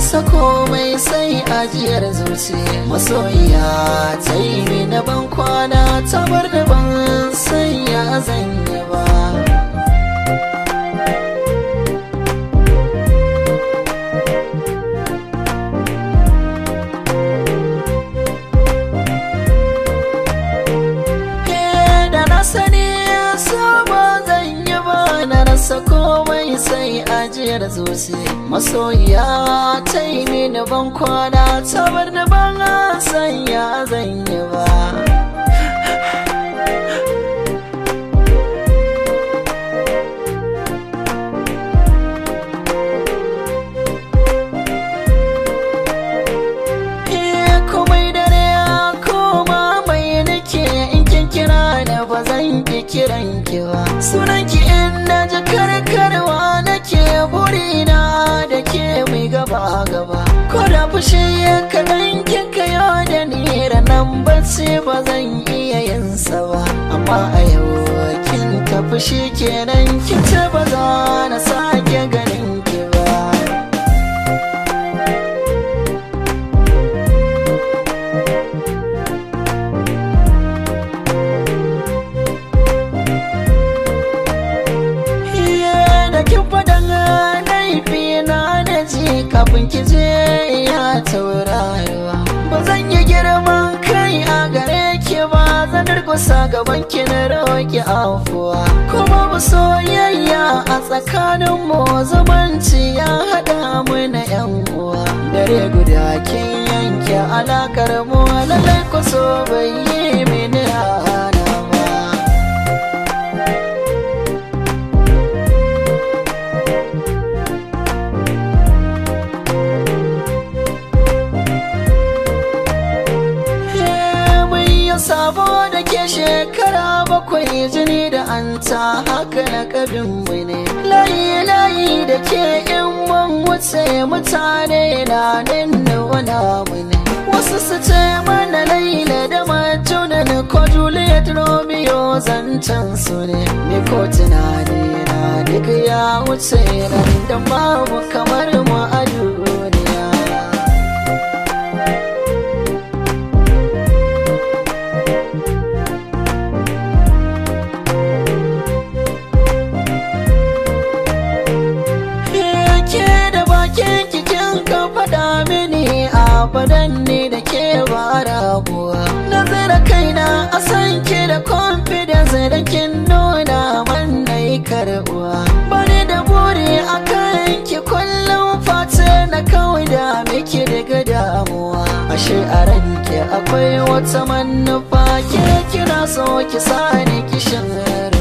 rasa komai sai ajiyar zuci masoyiya ta yi na ban kwana ta bar da ban sanya zan ba na rasa komai sai ajiyar zuci masoyiya ta yi mini ban kwana ta bar da ban sanya zan yi ba ba zan ki kiran ki ba sunan ki in na ji karkarwa nake burina da ke mai gaba gaba ko da fushi ya kaɗan ki kayo da ni ranan bacci ba zan iya yin sa ba amma a yau kin tafi shi kenan ki ce ba za na sake ga ki je ya taurariwa ba zan yi girman kai a gare ki ba zan durkusa gaban ki na roƙi afuwa kuma ba soyayya a tsakanin mu zumunci ya haɗa mu na yan uwa dare guda kin yanke alakar mu lalai ku so bai yi mini a ne jini da an ta haka na kabin mu layi layi da ke in man wuce mutane na nan da wana wasu su ce mana laila da majuna na ko juliet romeo zancen su ne ni ko tunani na duk ya wuce nan da babu kamar mu fadan ne da ke ba kuwa na kaina a san ke da confidence da kin nuna man na yi karbuwa bari da buri a kan ki kullum fata na kawai da miki daga damuwa ashe a ranke akwai wata manufa ke kira so ki sani kishin